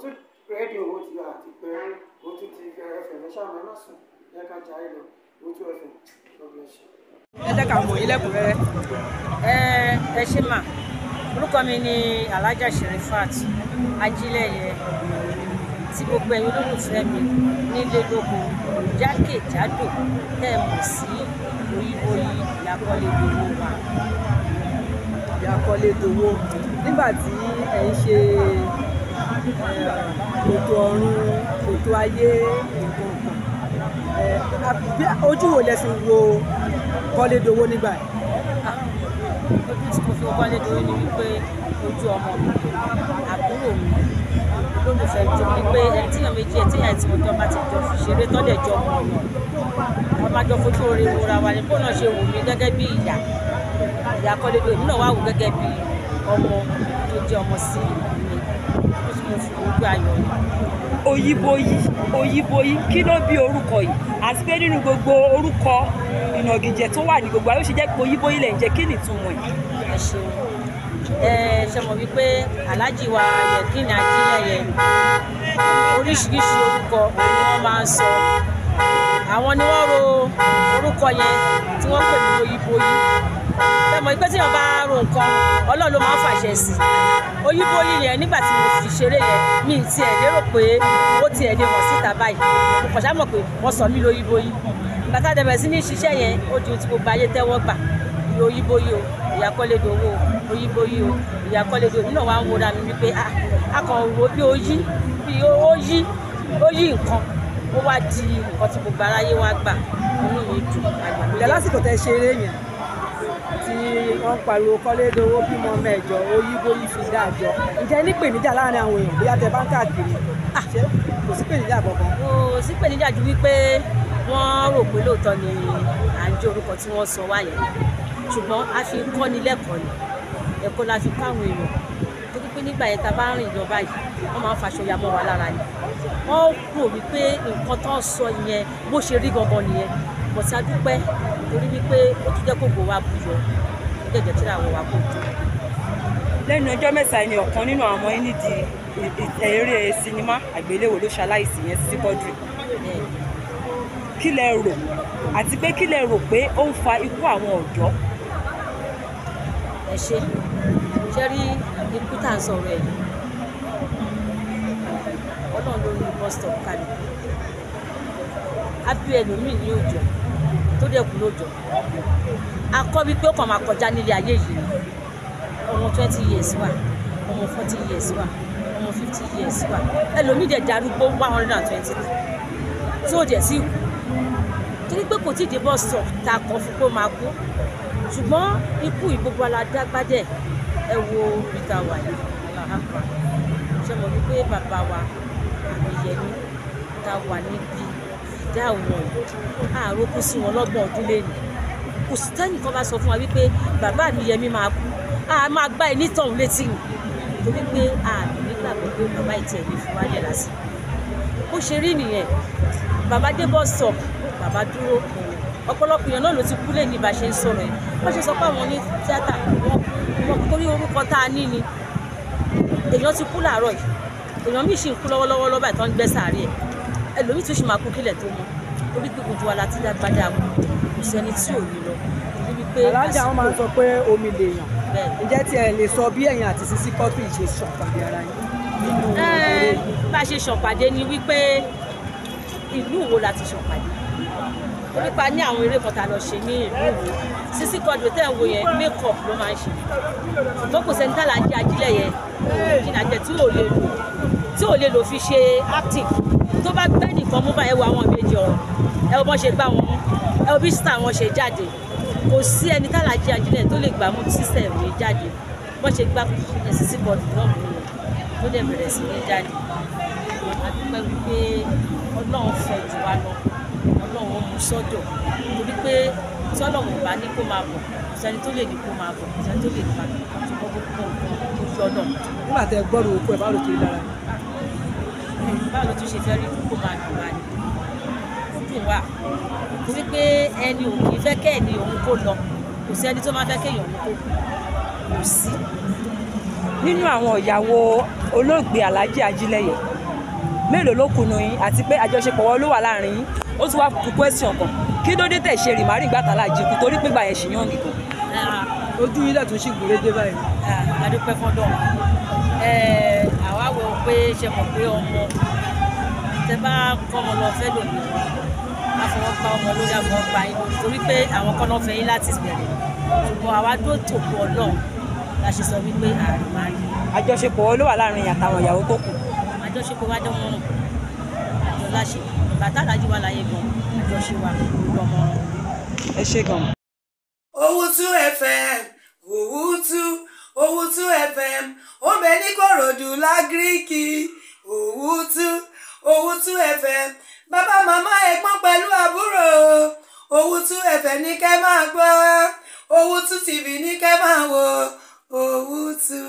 tún rédíò owó ti àti pé o tún ti ẹfẹ̀ lẹ́sà mẹ́rin sùn lẹ́ka jàre lọ o tún ẹfẹ̀ lọ́gbọ̀n ṣe. ẹ jẹ́ ká mọ̀ yín lẹ́kùnrẹ́rẹ́ ẹ ẹ ṣe mà orúkọ mi ni Alhaja Sherifat Ajílẹ̀yẹ tí gbogbo ẹ̀yin olólùfẹ́ mi nílé lóko jákèjádò tẹ̀ mọ̀ sí oyíboyí ìyàkọ́lẹ̀dọ̀wọ́ wa. ìyàkọ́lẹ̀dọ̀wọ́ nígbà tí ẹ̀ ń ṣe ètò ọ̀run ètò ayé nǹkan ojú wo lẹ́sìn wo Kọ́lédowó nígbà yìí. Ah, ojú tí mo fi Kọ́lédowó ni wípé ojú ọmọ mi àbúrò mi olólùfẹ́ mi torí pé ẹni tíyàn méjì ẹ̀ tíyàn ẹ̀tì mọ̀tọ́ bá ti jọ ṣeré tọ́lẹ̀ jọ mọ̀ ọ́ wọ́n máa jọ fojú oore wura wa ní bóun náà ṣe wù mí gẹ́gẹ́ bí ìyá ìyá Kọ́lédowó èmi náà wà wù gẹ́gẹ́ bí ọmọ tó jẹ́ ọmọ sí mi ojú ayọ̀ ni. Oyíboyí Oyíboyí kí ló bí orúkọ yìí àti pé nínú gbogbo orúkọ ìnàgìjẹ tó wà ní gbogbo ayé ó ṣe jẹ́ pé Oyíboyí lè jẹ́ kí nìtumọ̀ yìí. ẹ ṣeun ẹ ṣe mọ̀ wípé aláàjì wa yẹ kí ni ajílẹ̀ yẹ oríṣiríṣi orúkọ ni wọ́n máa ń sọ àwọn ni wọ́n ro orúkọ yẹn tí wọ́n pè ní oyíboyí bẹ́ẹ̀ mọ̀ pé tí wọ́n bá ro nǹkan ọlọ́run ló máa ń fàṣẹ sí oyíboyí yẹn nígbà tí mo fi ṣeré yẹn mi tiẹ̀ lérò pé ó tiẹ̀ lè wọ̀ síta báyìí mo kàn sámọ̀ pé wọ́n sọ mí lóyíboyí bàtà dẹ̀bẹ̀ sí ní ṣiṣẹ́ yẹn ó di ohun tí gbogbo ayé tẹ́wọ́ gbà oyíboyí o ìyá Kọ́ládowó Oyíbóyí o ìyá Kọ́ládowó nínú wa ń wora mi wípé ah, a kàn wo bí ó yí bí ó yí ó yí nǹkan ó wá di nǹkan tí gbogbo aráyé wá gbà inú mi dùn àgbàgbé. ìyá lásìkò tẹ ṣe eré yẹn tí wọ́n ń pariwo Kọ́ládowó bímọ mẹ́jọ Oyíbóyí fi dájọ́ ǹjẹ́ ní pèníjà láàrin àwọn èèyàn bóyá tẹ bá ń káàkiri ah! kò sí pèníjà kankan. kò sí pèníjà ju wípé wọ́n rò pé lóòótọ́ ni à ń jẹ́ orúkọ tí wọ́n sọ wáyé ṣùgbọ́n a fi kọ́ni lẹ́kọ̀ọ́ ni ẹ̀kọ́ la fi káwọn èèyàn torí pé nígbà yẹn ta bá ń rìn lọ báyìí wọ́n máa ń faṣọ ya mọ́ wa lára ni wọ́n rò wípé nǹkan tó ń sọ yẹn bó ṣe rí gangan nìyẹn kò sí adúpẹ́ torí wípé ó tún jẹ́ kó gbòó wa buyọ̀ ó jẹ́ ìjẹ́tìrà wọ̀ wá kó tó. lẹ́nu ọjọ́ mẹ́ta ni ọ̀kan nínú àwọn ọmọ yín nídìí eré sinimá àgbéléwò ló ṣaláìsí yẹn sí bọ́dù kí lẹ rò àti pé kí lẹ rò pé ó ń fa ikú àwọn ọ̀dọ́ ẹ ṣe ṣe rí ikú tá à ń sọ̀rọ̀ ẹ̀ yìí ọlọ́run ló ní bus stop kalẹ̀ abí ẹlòmíì ní òjò tó dẹ̀kú lójò akọ́ wípé ó kàn máa kọjá nílé ayé yìí ọmọ twenty years wà ọmọ forty years wà ọmọ fifty years wà ẹlòmíì dẹ̀ darúgbó one hundred and twenty tó dẹ̀ sí kú torí pé kò tí ì dé bus stop tá a kọ́ fún pé ó máa kú ṣùgbọ́n ikú ìgbogbo aládágbádẹ́ ẹ wo peter awaye alahakra ṣe mọ̀ wípé bàbá wa àmìyẹmí ta wà níbi ìdá wọn àárò kú sí wọn lọ́gbọ̀n ọdún lẹ́nu kò sí tẹ́nìkan bá sọ fún wa wípé bàbá àmìyẹmí máa kú a máa gbá ẹni tọ̀hún létí ni torí pé àmì nígbàgbọ́ pé bàbá ìtẹ̀ ní fún wa lẹ̀ lásìkò bó ṣe rí nìyẹn bàbá dé bus stop bàbá dúró kùn ọ̀pọ̀lọpọ̀ èèyàn náà ló ti kú lè ní bá ṣe ń sọ̀rọ̀ yìí wọ́n ṣe sọ pé àwọn onítíátà wọn torí orúkọ tá a ní ni èèyàn ti kú làárọ̀ yìí èèyàn míì ṣì ń kú lọ́wọ́lọ́wọ́ lọ́ba ìtàn gbẹ́ sàárè ẹ̀ ẹlòmíì tún ṣì máa kú kílẹ̀ tó mọ́ torí pé gbogbo ala ti dágbádá kù kò sẹ́ni tí ò ní lọ níbi pé alájà wọn máa ń sọ pé omi lèèyàn ǹjẹ́ tí ẹ lè sọ bí ẹ̀yin àti sisi kọ́fì ṣe ṣọ̀pàdé ara yín nínú ìròyìn. bá ìlú wo la ṣọ̀pàdé onípa ní àwọn eré kan tá a lọ ṣe ní ìlú ìwò Sisi Quadri tẹ́ ń wo yẹn makeup ló máa ń ṣe ṣùgbọ́n kò sẹ́ni tààlà jẹ́ ajílẹ̀ yẹn jìnnà jẹ́ tí ò lè lò tí ò lè lò fi ṣe acting tó bá gbẹ́ nìkan mú bá ẹ wo àwọn ìbejì ọ̀rọ̀ ẹ wo bọ́n ṣe gbá wọn mú ẹ wo bí sísá wọn ṣe jáde kò sí ẹni tààlà jẹ́ ajílẹ̀ tó lè gbà mú sísẹ̀ rẹ̀ jáde bọ́n ṣe gbá Sisi Quadri ọlọ́run fẹ́ jù wá lọ ọlọ́run ó mú sọ́dọ̀ torí pé sọ́lọ́run bá ní kó máa bọ̀ sẹ́ni tó lè ní kó máa bọ̀ sẹ́ni tó lè ní máa bọ̀ ṣùgbọ́n gbogbo nǹkan tó fi ọlọ́run. nígbà tẹ gbọ́dọ̀ òkú ẹ̀ báwo ló ti rí lára yìí. báwo ló tún ṣe fẹ́ rí kó máa dùn wá ni ó dùn wá torí pé ẹni ò kì í fẹ́ kẹ́ ẹni òun kó lọ kò sí ẹni tó máa fẹ́ kéèyàn òun kó kò sí. nínú àwọn ìyàwó olóògbé Alhaji Ajílẹ̀yẹ mélòó ló kùnú yín àti pé àjọṣepọ̀ wọn ló wà láàrin yín ó ti wá kú question kan kí ló dé tẹ̀ ṣe rìmárì gbàtà láàjì kú torí pé gbàyẹ̀ ṣì yàn nìkan. Ah, ojú yín dàtún sí gbòrédé báyìí. adúpẹ́ ah, fọ́dọ̀ eh, àwa wo pé ṣe mọ̀ pé ọmọ tẹ bá kọ́ ọmọ lọ fẹ́ lòdì afọwọ́pa ọmọ lórí afọwọ́pa yín torí pé àwọn kan náà fẹ́ yín láti bẹ̀rẹ̀ ṣùgbọ́n àwa tó tòkù ọlọ́run la ṣe sọ wípé àrùn máa ń rí. àjọṣepọ̀ wo ló wà láàrin àtàwọn ìyàwó tó kù. àjọṣepọ̀ wa dán mọ́ràn àjọ láṣepọ̀ bàtà alájú gan àjọṣe wa gbogbo ọmọ. ẹ ṣe gan. FM Owutu Owutu FM ó bẹ ní Kòròdú lágíríkì Owutu Owutu FM bàbá màmá ẹ̀gbọ́n pẹ̀lú àbúrò Owutu FM ní kẹ́ máa gbọ́ Owutu TV ní kẹ́ máa wò Owutu.